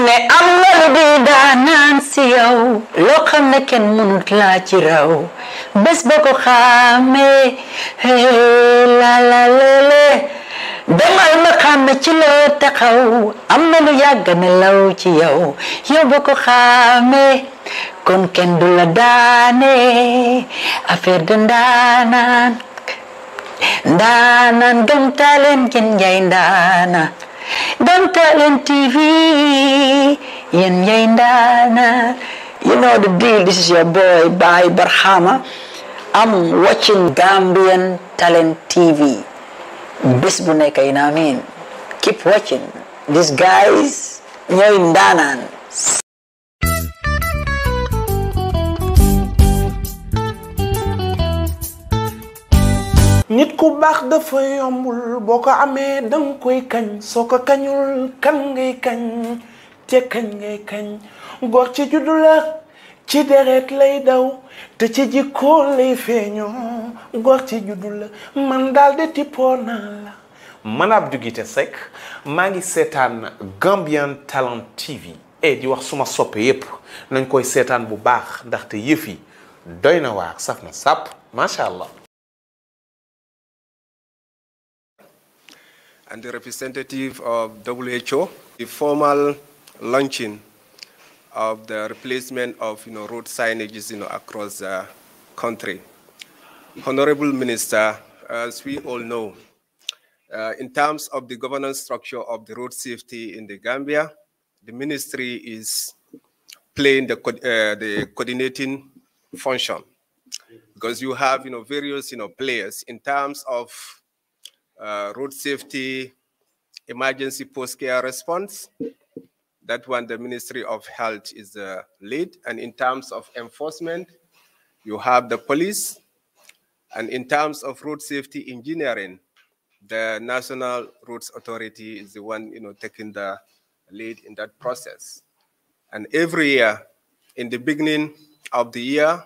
ku ne loo xam ne kenn mënut laa ci raw bés ba ko xaamee la la lele demal ma xàmme ci loo taxaw am na lu yàgg na law ci yow yow ba ko xaamee kon kenn du la daane affaire de ndaanaan ndaanaan gëm taaleen kenn njaay ndaana Dantale TV yéen ñay ndaana you know the deal this is your boy Bai Barhama I'm watching Gambian Talent TV bés bu nekk you know what I mean keep watching these guys ñooy ndaanaan nit ku baax dafa yombul boo ko amee danga koy kañ soo ko kañul kan ngay kañ te kañ ngay kañ gor ci juddu la ci deret lay daw te ci jikko lay feeñoo góor ci juddu la man daal de tippoo naa la man Abdou Guité Seck maa ngi seetaan Gambian Talent TV e eh, di wax suma soppe yépp nañ koy seetaan bu baax ndaxte yëf yi doy na waar saf na sàpp macha allah and the representative of WHO, the formal launching of the replacement of you know, road signages you know, across the country. Honorable Minister, as we all know, uh, in terms of the governance structure of the road safety in the Gambia, the ministry is playing the, co uh, the coordinating function because you have you know, various you know, players in terms of uh, road safety, emergency post-care response. That one, the Ministry of Health is the lead. And in terms of enforcement, you have the police. And in terms of road safety engineering, the National Roads Authority is the one, you know, taking the lead in that process. And every year, in the beginning of the year,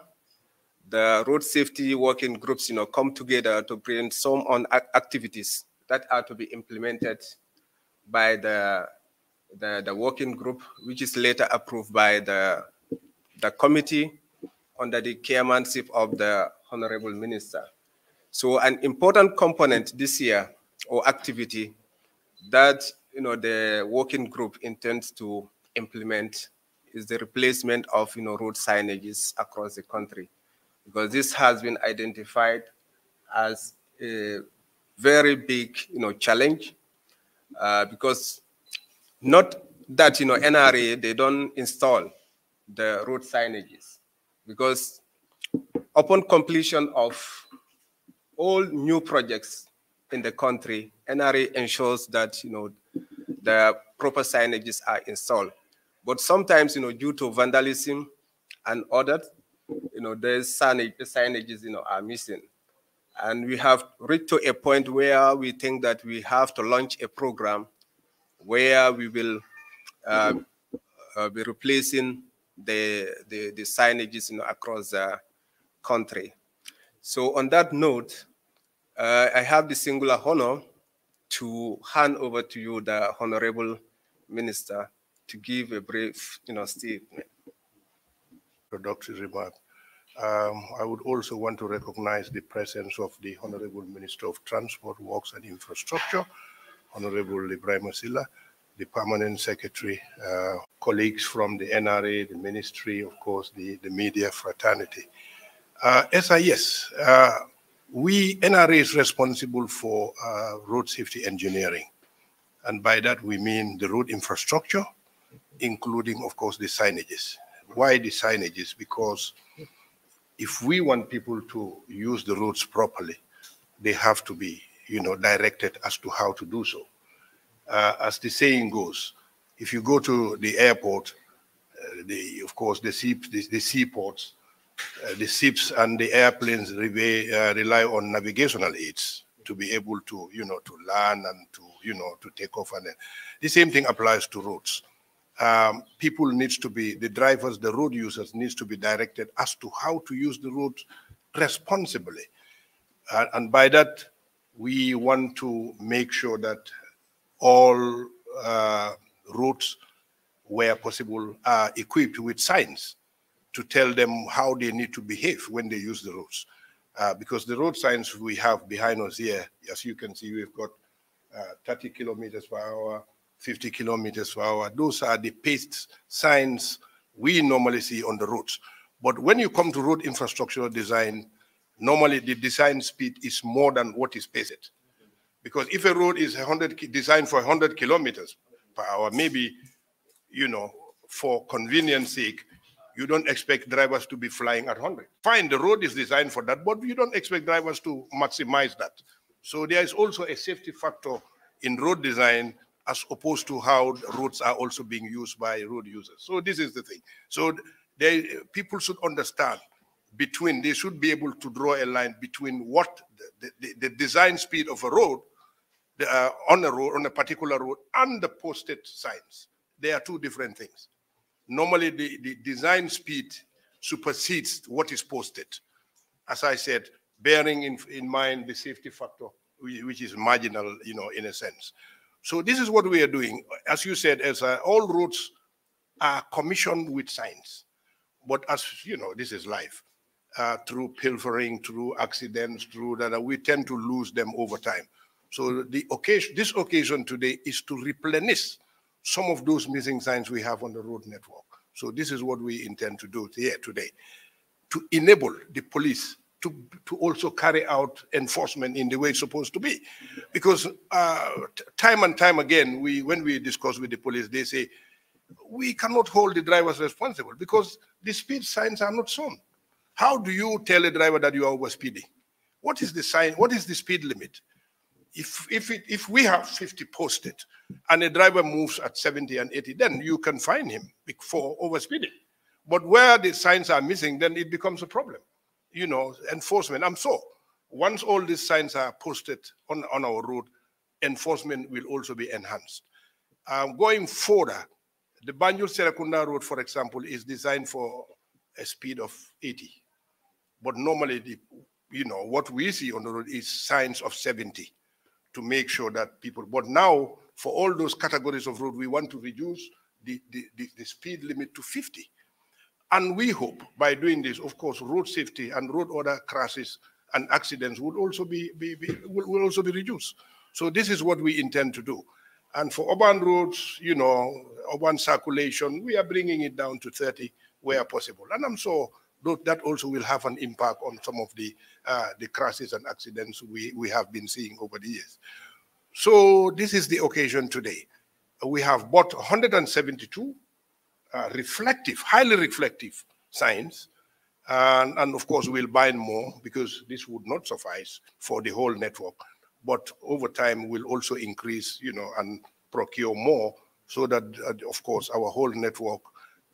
the road safety working groups, you know, come together to bring on activities that are to be implemented by the, the, the working group, which is later approved by the, the committee under the chairmanship of the Honorable Minister. So an important component this year or activity that you know the working group intends to implement is the replacement of you know road signages across the country because this has been identified as a very big, you know, challenge uh, because not that, you know, NRA, they don't install the road signages because upon completion of all new projects in the country, NRA ensures that, you know, the proper signages are installed. But sometimes, you know, due to vandalism and others, you know, there's signage, signages, you know, are missing. And we have reached to a point where we think that we have to launch a program where we will uh, uh, be replacing the, the, the signages you know, across the country. So on that note, uh, I have the singular honor to hand over to you, the Honorable Minister, to give a brief you know, statement. Introductory remark. Um, I would also want to recognize the presence of the Honorable Minister of Transport, Works and Infrastructure, Honorable Ibrahim Silla, the Permanent Secretary, uh, colleagues from the NRA, the Ministry, of course, the, the media fraternity. Uh, SIS, uh, we, NRA is responsible for uh, road safety engineering. And by that, we mean the road infrastructure, including, of course, the signages. Why the signages? Because if we want people to use the roads properly, they have to be, you know, directed as to how to do so. Uh, as the saying goes, if you go to the airport, uh, the, of course, the, sea the, the seaports, uh, the ships and the airplanes rely, uh, rely on navigational aids to be able to, you know, to land and to, you know, to take off. And uh, the same thing applies to roads um, people needs to be the drivers, the road users needs to be directed as to how to use the road responsibly, uh, and by that we want to make sure that all uh, routes, where possible, are equipped with signs to tell them how they need to behave when they use the roads. Uh, because the road signs we have behind us here, as you can see, we've got uh, 30 kilometers per hour, 50 kilometers per hour. Those are the pace signs we normally see on the roads. But when you come to road infrastructure design, normally the design speed is more than what is paced. Because if a road is 100 designed for 100 kilometers per hour, maybe, you know, for convenience sake, you don't expect drivers to be flying at 100. Fine, the road is designed for that, but you don't expect drivers to maximize that. So there is also a safety factor in road design as opposed to how roads are also being used by road users. So this is the thing. So they, people should understand between, they should be able to draw a line between what the, the, the design speed of a road uh, on a road, on a particular road, and the posted signs. They are two different things. Normally, the, the design speed supersedes what is posted. As I said, bearing in, in mind the safety factor, which is marginal, you know, in a sense. So this is what we are doing. As you said, as uh, all roads are commissioned with signs, but as you know, this is life. Uh, through pilfering, through accidents, through that, uh, we tend to lose them over time. So the occasion, this occasion today is to replenish some of those missing signs we have on the road network. So this is what we intend to do here today, to enable the police to, to also carry out enforcement in the way it's supposed to be. Because uh, time and time again, we when we discuss with the police, they say, we cannot hold the drivers responsible because the speed signs are not shown. How do you tell a driver that you are overspeeding? What is the sign? What is the speed limit? If if it, if we have 50 posted and a driver moves at 70 and 80, then you can fine him for overspeeding. But where the signs are missing, then it becomes a problem you know, enforcement. I'm sure once all these signs are posted on, on our road, enforcement will also be enhanced. Um, going further, the Banjul Serakunda Road, for example, is designed for a speed of 80. But normally, the, you know, what we see on the road is signs of 70 to make sure that people, but now for all those categories of road, we want to reduce the, the, the, the speed limit to 50 and we hope by doing this, of course, road safety and road order crashes and accidents would also be, be, be will, will also be reduced. So this is what we intend to do. And for urban roads, you know, urban circulation, we are bringing it down to 30 where possible. And I'm sure that also will have an impact on some of the uh, the crashes and accidents we, we have been seeing over the years. So this is the occasion today. We have bought 172 uh, reflective, highly reflective signs. And, and of course, we'll bind more because this would not suffice for the whole network. But over time, we'll also increase, you know, and procure more so that, uh, of course, our whole network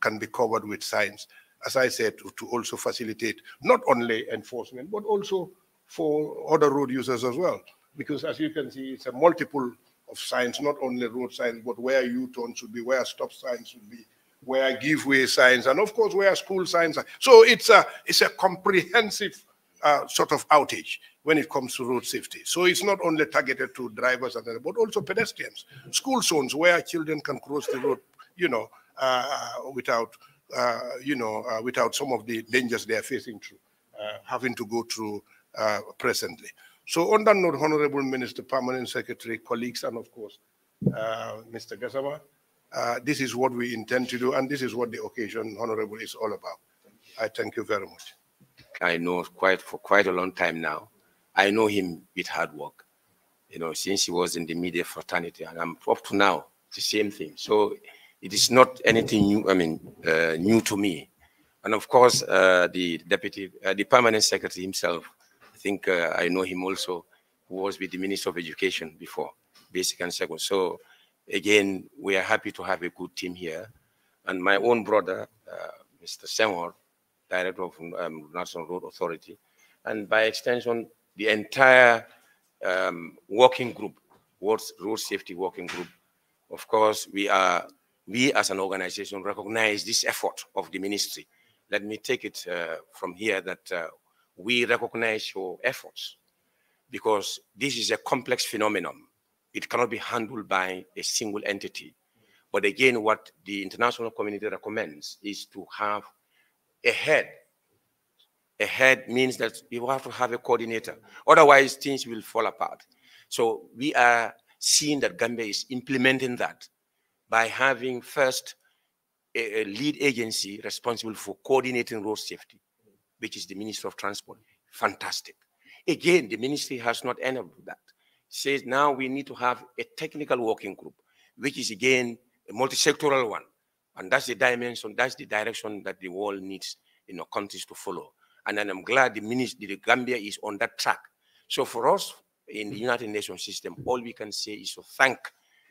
can be covered with signs. As I said, to, to also facilitate not only enforcement, but also for other road users as well. Because as you can see, it's a multiple of signs, not only road signs, but where U-turn should be, where stop signs should be, where giveaway signs, and of course where school signs are. So it's a, it's a comprehensive uh, sort of outage when it comes to road safety. So it's not only targeted to drivers, and but also pedestrians. School zones where children can cross the road, you know, uh, without, uh, you know, uh, without some of the dangers they are facing through, uh, having to go through uh, presently. So on that note, Honorable Minister, Permanent Secretary, colleagues, and of course, Mr. Gazawa. Uh, this is what we intend to do, and this is what the occasion, Honorable, is all about. I thank you very much. I know quite for quite a long time now. I know him with hard work, you know, since he was in the media fraternity, and I'm up to now the same thing. So it is not anything new. I mean, uh, new to me. And of course, uh, the deputy, uh, the permanent secretary himself. I think uh, I know him also, who was with the Minister of Education before, basic and second. So again, we are happy to have a good team here. And my own brother, uh, Mr. Senghor, director of um, National Road Authority, and by extension, the entire um, working group, road, safety working group. Of course, we are we as an organization recognize this effort of the ministry. Let me take it uh, from here that uh, we recognize your efforts because this is a complex phenomenon it cannot be handled by a single entity. But again, what the international community recommends is to have a head. A head means that you have to have a coordinator. Otherwise, things will fall apart. So we are seeing that Gambia is implementing that by having first a, a lead agency responsible for coordinating road safety, which is the Ministry of Transport. Fantastic. Again, the ministry has not enabled that says now we need to have a technical working group, which is again a multi-sectoral one. And that's the dimension, that's the direction that the world needs you know, countries to follow. And I'm glad the ministry, the Gambia is on that track. So for us in the United Nations system, all we can say is to thank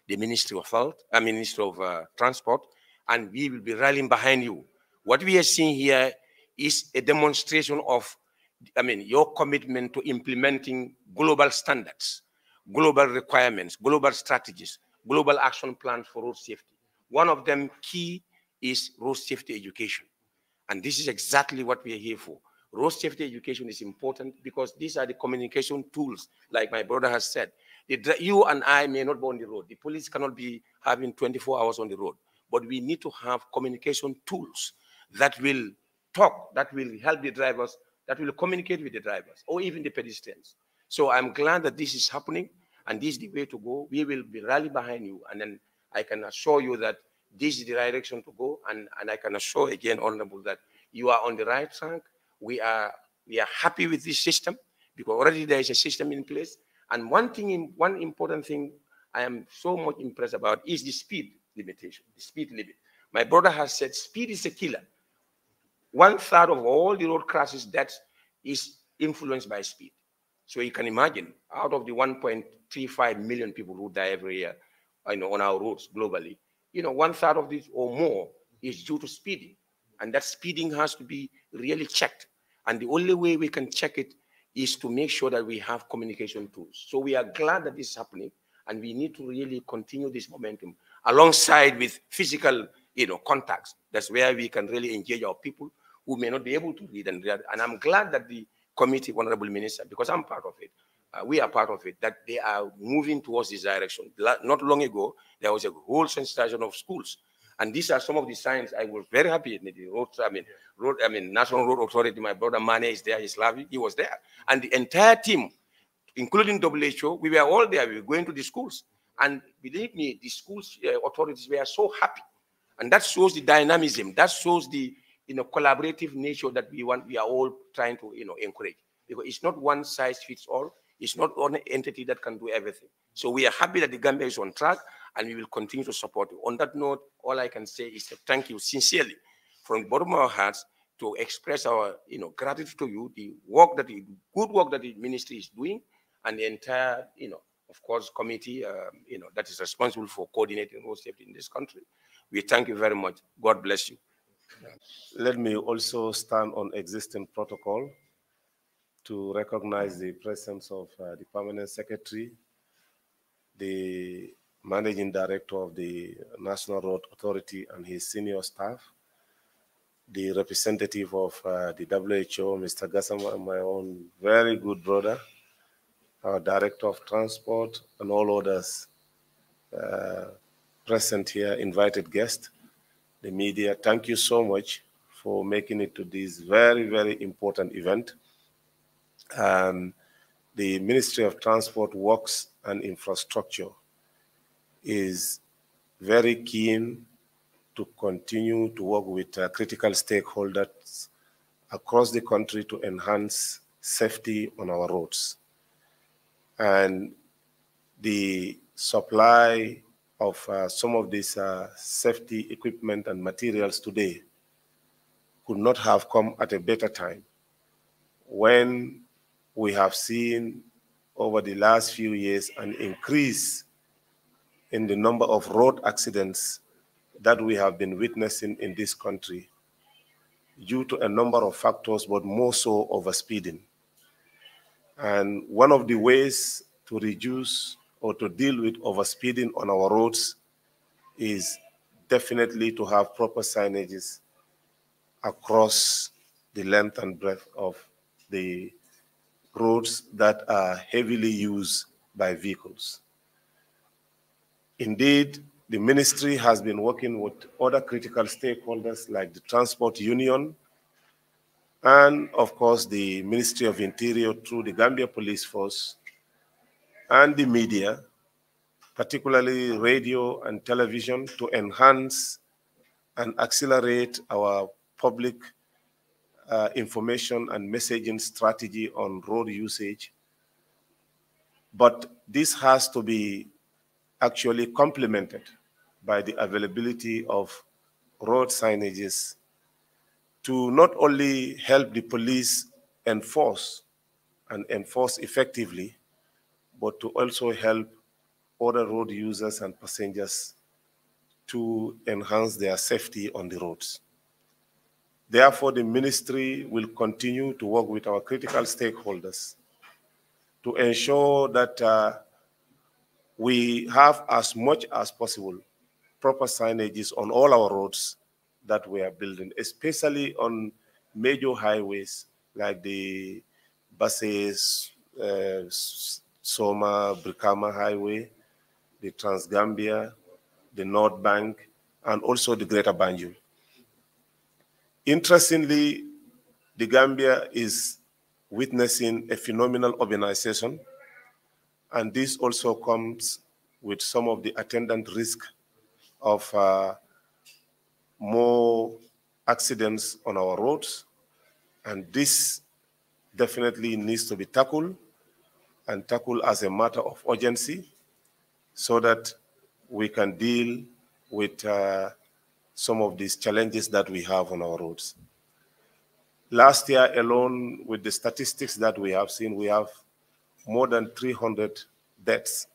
the Ministry of Health, uh, Ministry of uh, Transport, and we will be rallying behind you. What we are seeing here is a demonstration of, I mean, your commitment to implementing global standards global requirements, global strategies, global action plans for road safety. One of them key is road safety education. And this is exactly what we are here for. Road safety education is important because these are the communication tools, like my brother has said. The, you and I may not be on the road. The police cannot be having 24 hours on the road. But we need to have communication tools that will talk, that will help the drivers, that will communicate with the drivers or even the pedestrians. So I'm glad that this is happening and this is the way to go. We will be rally behind you. And then I can assure you that this is the direction to go. And, and I can assure again, Honorable, that you are on the right track. We are, we are happy with this system because already there is a system in place. And one thing, one important thing I am so much impressed about is the speed limitation, the speed limit. My brother has said speed is a killer. One third of all the road crashes that is influenced by speed. So you can imagine, out of the 1.35 million people who die every year, you know, on our roads globally, you know, one third of this or more is due to speeding, and that speeding has to be really checked. And the only way we can check it is to make sure that we have communication tools. So we are glad that this is happening, and we need to really continue this momentum alongside with physical, you know, contacts. That's where we can really engage our people who may not be able to read and read. And I'm glad that the committee, Honorable Minister, because I'm part of it. Uh, we are part of it, that they are moving towards this direction. Not long ago, there was a whole sensitization of schools. And these are some of the signs I was very happy. The road, I mean, road, I mean, National Road Authority, my brother Mane is there, he's laughing, he was there. And the entire team, including WHO, we were all there, we were going to the schools. And believe me, the schools uh, authorities were so happy. And that shows the dynamism, that shows the you know, collaborative nature that we want, we are all trying to, you know, encourage. Because it's not one size fits all. It's not one entity that can do everything. So we are happy that the Gambia is on track and we will continue to support you. On that note, all I can say is thank you sincerely from the bottom of our hearts to express our you know gratitude to you, the work that the good work that the ministry is doing, and the entire you know of course committee um, you know that is responsible for coordinating road safety in this country. We thank you very much. God bless you. Let me also stand on existing protocol to recognize the presence of uh, the permanent secretary, the managing director of the National Road Authority and his senior staff, the representative of uh, the WHO, Mr. Gassama, my own very good brother, our director of transport, and all others uh, present here, invited guests the media. Thank you so much for making it to this very, very important event. Um, the Ministry of Transport, Works and Infrastructure is very keen to continue to work with uh, critical stakeholders across the country to enhance safety on our roads. And the supply of uh, some of these uh, safety equipment and materials today could not have come at a better time when we have seen over the last few years an increase in the number of road accidents that we have been witnessing in this country due to a number of factors, but more so over speeding. And one of the ways to reduce or to deal with overspeeding on our roads is definitely to have proper signages across the length and breadth of the roads that are heavily used by vehicles. Indeed, the ministry has been working with other critical stakeholders like the Transport Union and, of course, the Ministry of Interior through the Gambia Police Force and the media, particularly radio and television, to enhance and accelerate our public uh, information and messaging strategy on road usage. But this has to be actually complemented by the availability of road signages to not only help the police enforce and enforce effectively, but to also help other road users and passengers to enhance their safety on the roads. Therefore, the ministry will continue to work with our critical stakeholders to ensure that uh, we have as much as possible proper signages on all our roads that we are building, especially on major highways like the buses, uh, Soma Brikama Highway, the Transgambia, the North Bank, and also the Greater Banjul. Interestingly, the Gambia is witnessing a phenomenal urbanization, and this also comes with some of the attendant risk of uh, more accidents on our roads, and this definitely needs to be tackled and tackle as a matter of urgency so that we can deal with uh, some of these challenges that we have on our roads. Last year alone, with the statistics that we have seen, we have more than 300 deaths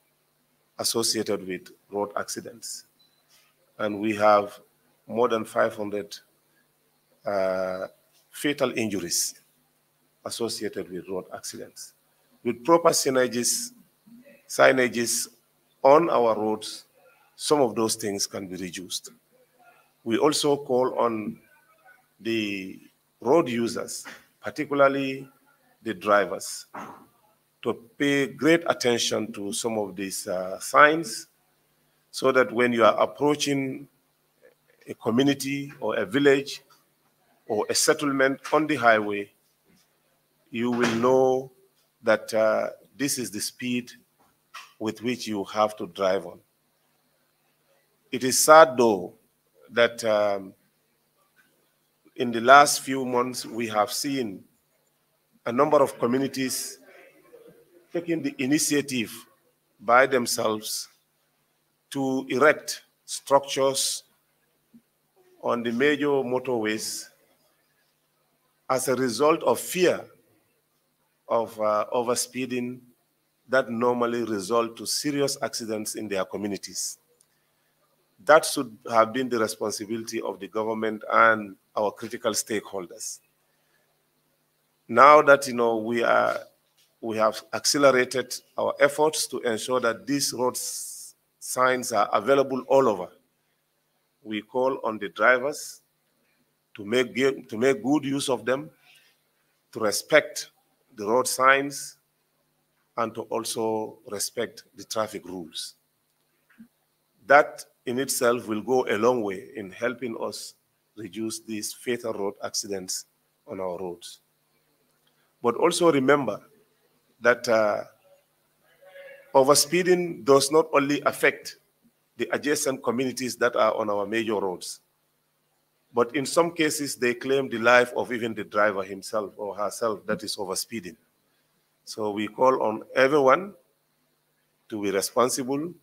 associated with road accidents. And we have more than 500 uh, fatal injuries associated with road accidents with proper synergies, signages on our roads, some of those things can be reduced. We also call on the road users, particularly the drivers, to pay great attention to some of these uh, signs so that when you are approaching a community or a village or a settlement on the highway, you will know that uh, this is the speed with which you have to drive on. It is sad, though, that um, in the last few months we have seen a number of communities taking the initiative by themselves to erect structures on the major motorways as a result of fear of uh, overspeeding that normally result to serious accidents in their communities. That should have been the responsibility of the government and our critical stakeholders. Now that you know we are we have accelerated our efforts to ensure that these road signs are available all over. We call on the drivers to make, to make good use of them, to respect the road signs and to also respect the traffic rules. That in itself will go a long way in helping us reduce these fatal road accidents on our roads. But also remember that uh, overspeeding does not only affect the adjacent communities that are on our major roads. But in some cases, they claim the life of even the driver himself or herself that is overspeeding. So we call on everyone to be responsible,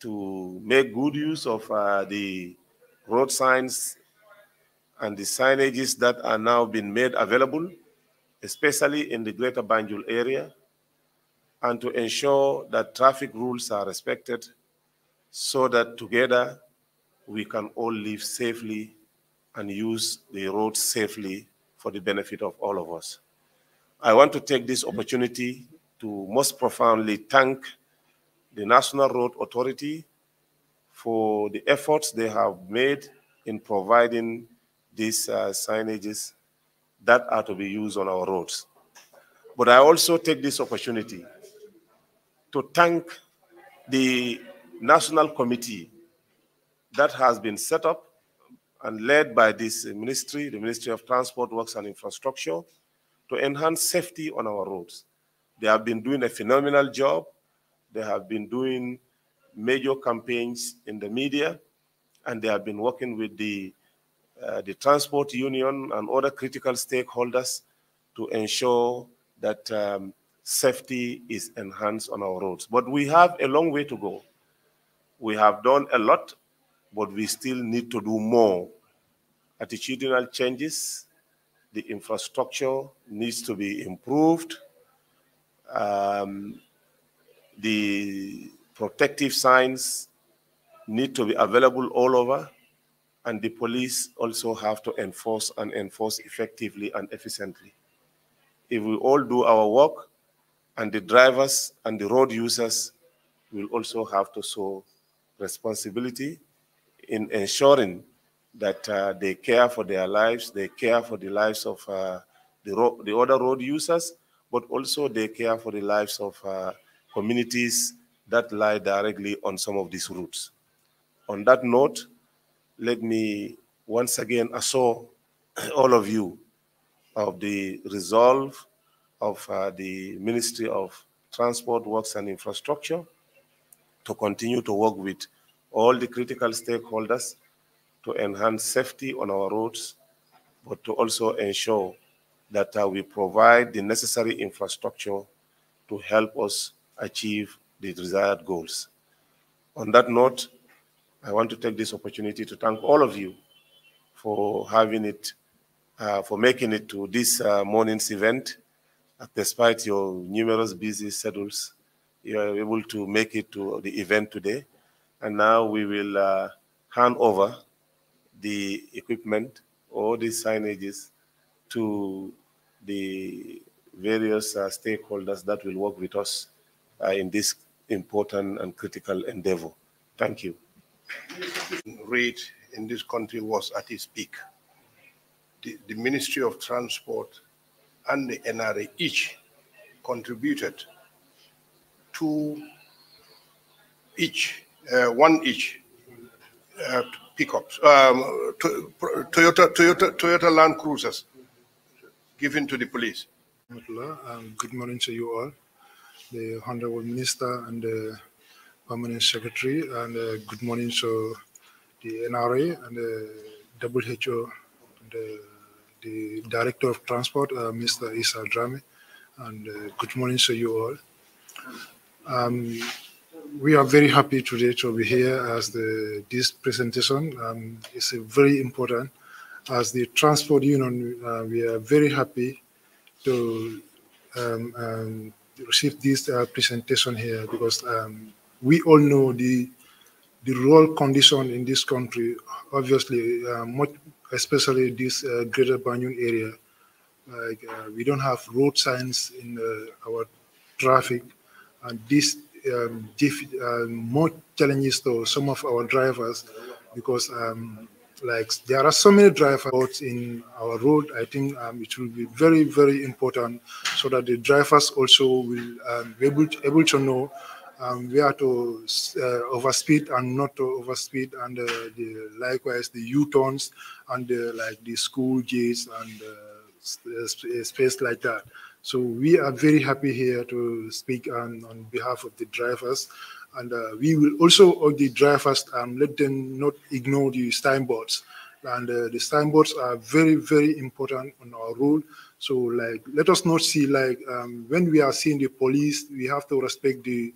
to make good use of uh, the road signs and the signages that are now being made available, especially in the greater Banjul area, and to ensure that traffic rules are respected so that together we can all live safely and use the road safely for the benefit of all of us. I want to take this opportunity to most profoundly thank the National Road Authority for the efforts they have made in providing these uh, signages that are to be used on our roads. But I also take this opportunity to thank the National Committee that has been set up and led by this ministry, the Ministry of Transport, Works and Infrastructure, to enhance safety on our roads. They have been doing a phenomenal job. They have been doing major campaigns in the media, and they have been working with the, uh, the transport union and other critical stakeholders to ensure that um, safety is enhanced on our roads. But we have a long way to go. We have done a lot but we still need to do more. Attitudinal changes, the infrastructure needs to be improved. Um, the protective signs need to be available all over and the police also have to enforce and enforce effectively and efficiently. If we all do our work, and the drivers and the road users will also have to show responsibility in ensuring that uh, they care for their lives, they care for the lives of uh, the, the, other road users, but also they care for the lives of uh, communities that lie directly on some of these routes. On that note, let me once again assure all of you of the resolve of uh, the Ministry of Transport, Works and Infrastructure to continue to work with all the critical stakeholders to enhance safety on our roads, but to also ensure that uh, we provide the necessary infrastructure to help us achieve the desired goals. On that note, I want to take this opportunity to thank all of you for having it, uh, for making it to this uh, morning's event. Uh, despite your numerous busy schedules, you are able to make it to the event today. And now we will uh, hand over the equipment or the signages to the various uh, stakeholders that will work with us uh, in this important and critical endeavor. Thank you. Rate in this country was at its peak. The, the Ministry of Transport and the NRA each contributed to each uh, one each uh, pickups, um, Toyota, Toyota, Toyota Land Cruisers given to the police. Um, good morning to you all, the Honorable Minister and the Permanent Secretary, and uh, good morning to the NRA and the WHO, and, uh, the Director of Transport, uh, Mr. Issa Drame, and uh, good morning to you all. Um, we are very happy today to be here as the, this presentation. Um, is very important. As the transport union, uh, we are very happy to um, um, receive this uh, presentation here because um, we all know the the rural condition in this country, obviously, uh, much, especially this uh, greater Banjul area. Like, uh, we don't have road signs in uh, our traffic, and this um, uh, more challenges to some of our drivers because um, like there are so many drivers in our road. I think um, it will be very, very important so that the drivers also will um, be able to, able to know um, where to uh, overspeed and not to overspeed, and uh, the, likewise the U-turns and the, like the school gates and uh, uh, uh space like that. So we are very happy here to speak on, on behalf of the drivers. And uh, we will also all the drivers um, let them not ignore the signboards. And uh, the signboards are very, very important on our road. So like, let us not see like um, when we are seeing the police, we have to respect the,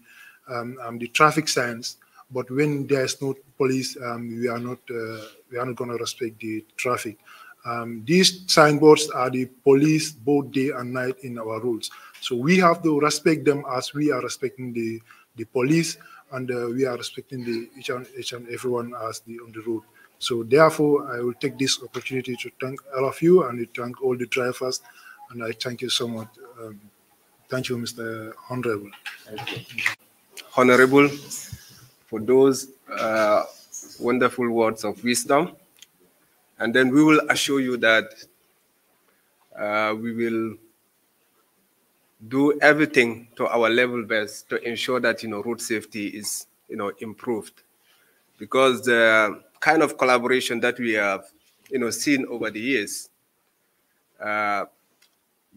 um, um the traffic signs. But when there is no police, um, we are not uh, we are not going to respect the traffic. Um, these signboards are the police both day and night in our roads. So we have to respect them as we are respecting the, the police and uh, we are respecting the, each, and, each and everyone as the, on the road. So therefore, I will take this opportunity to thank all of you and to thank all the drivers. And I thank you so much. Um, thank you, Mr. Honorable. Honorable, for those uh, wonderful words of wisdom. And then we will assure you that uh, we will do everything to our level best to ensure that you know road safety is you know improved because the kind of collaboration that we have you know seen over the years uh,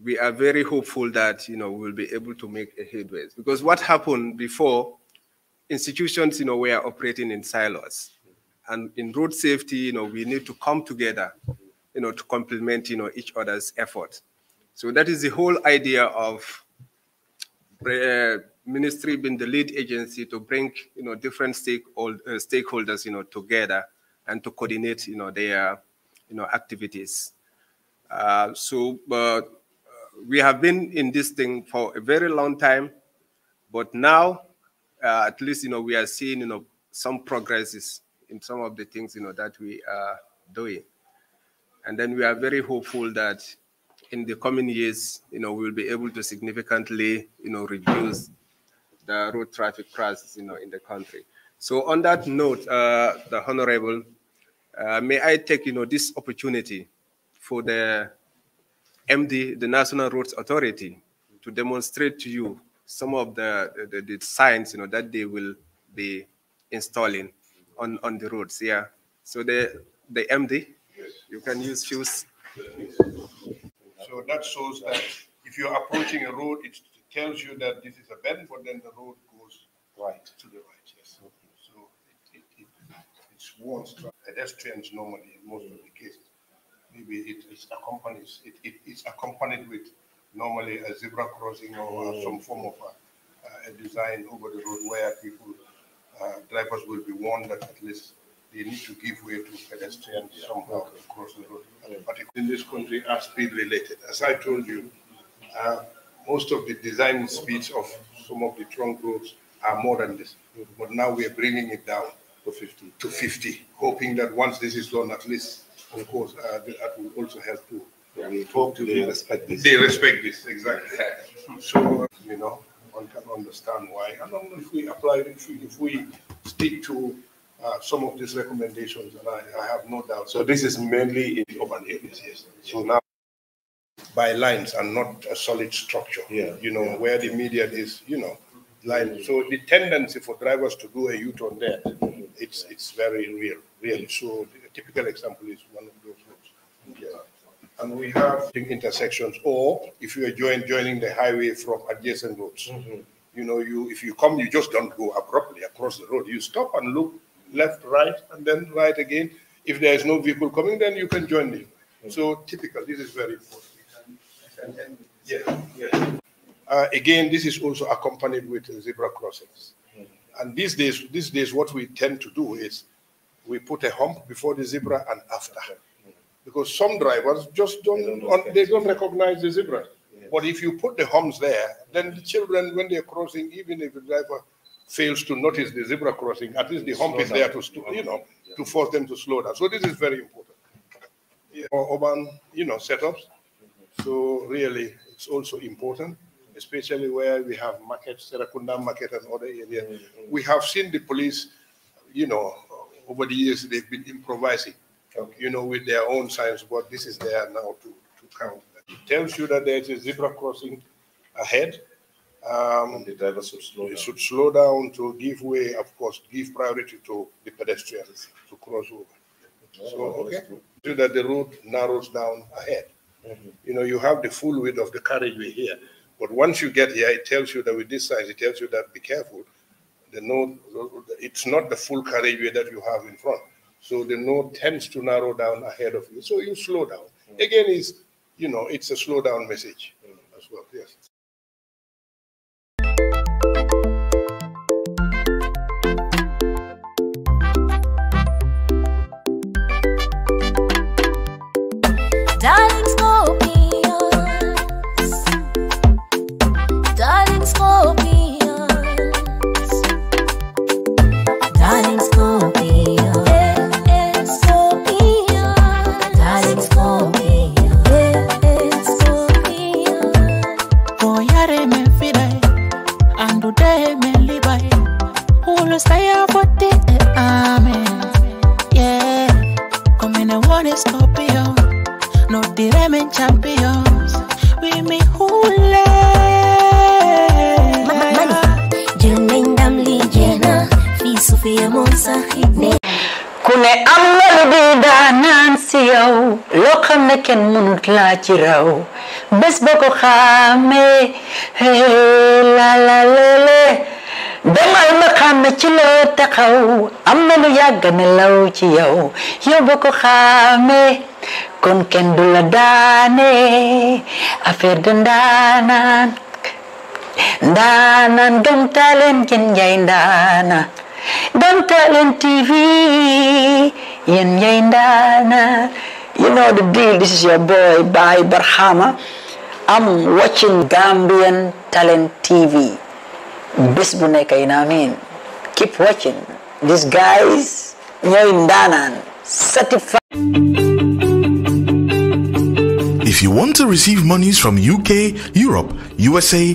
we are very hopeful that you know we'll be able to make a headway because what happened before institutions you know were operating in silos and in road safety, you know, we need to come together, you know, to complement, you know, each other's effort. So that is the whole idea of uh, ministry being the lead agency to bring, you know, different stakehold, uh, stakeholders, you know, together and to coordinate, you know, their, you know, activities. Uh, so uh, we have been in this thing for a very long time, but now, uh, at least, you know, we are seeing, you know, some progresses in some of the things you know that we are doing. And then we are very hopeful that in the coming years, you know, we'll be able to significantly, you know, reduce the road traffic crashes, you know, in the country. So on that note, uh, the Honorable, uh, may I take, you know, this opportunity for the MD, the National Roads Authority, to demonstrate to you some of the, the, the signs, you know, that they will be installing on, on the roads, yeah. So the, the MD, yes. you can use fuse. So that shows that if you're approaching a road, it tells you that this is a bend, but then the road goes right to the right, yes. So it, it, it, it warns pedestrians normally in most of the cases. Maybe it, it's accompanies it, it, it's accompanied with normally a zebra crossing or some form of a, a design over the road where people uh, drivers will be warned that at least they need to give way to pedestrians yeah. somehow okay. across the road. But in this country are speed related. As I told you, uh, most of the design speeds of some of the trunk roads are more than this. But now we are bringing it down to 50, to 50 hoping that once this is done, at least, of course, uh, that will also help to. Yeah. to them. to they respect this. They respect this, exactly. so, you know one can understand why. And only if we apply, if we, if we stick to uh, some of these recommendations, and I, I, have no doubt. So this is mainly in urban areas, yes. So now by lines and not a solid structure, yeah, you know, yeah. where the median is, you know, line. So the tendency for drivers to do a U-turn there, it's, it's very real, really. So a typical example is one of those roads. Yeah and we have intersections. Or if you are join, joining the highway from adjacent roads, mm-hmm. you know, you if you come, you just don't go abruptly across the road. You stop and look left, right, and then right again. If there is no vehicle coming, then you can join them. Mm-hmm. So typical. This is very important. And, and, yeah, yeah. Uh, again, this is also accompanied with zebra crossings. Mm-hmm. And these days, these days, what we tend to do is we put a hump before the zebra and after because some drivers just don't, they don't, they don't recognize the zebra. Yes. But if you put the humps there, then the children, when they're crossing, even if the driver fails to notice the zebra crossing, at least the hump is there to, you know, yeah. to force them to slow down. So this is very important. Yeah. Or urban, you know, setups. So really, it's also important, especially where we have markets, Serakunda market and other areas. Mm -hmm. We have seen the police, you know, over the years, they've been improvising you know, with their own signs, but this is there now to, to count. It tells you that there's a zebra crossing ahead. Um, the driver should slow, down. should slow down to give way, of course, give priority to the pedestrians to cross over. so, okay, so that the road narrows down ahead. Mm -hmm. You know, you have the full width of the carriageway here, but once you get here, it tells you that with this size, it tells you that be careful. The no, it's not the full carriageway that you have in front. So the node tends to narrow down ahead of you. So you slow down. Mm. Again, is you know, it's a slow down message mm. as well. Yes. ci raw bés boo ko xàmmee la la lele demal ma xàmme ci loo taxaw am na lu yàgg law ci yow yow boo ko xàmmee kon kenn du la daane affaire de ndaanaan ndaanaan Dom Talents yéen yaay ndaanaan Dom Talents TV yéen yaay ndaanaan You know the deal. This is your boy, Bai Barhama. I'm watching Gambian talent TV. Bisbuneka, you know what I mean? Keep watching. These guys, Nyoindanan, certified. If you want to receive monies from UK, Europe, USA,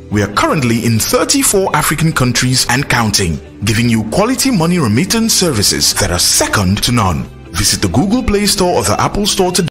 we are currently in 34 African countries and counting, giving you quality money remittance services that are second to none. Visit the Google Play Store or the Apple Store today.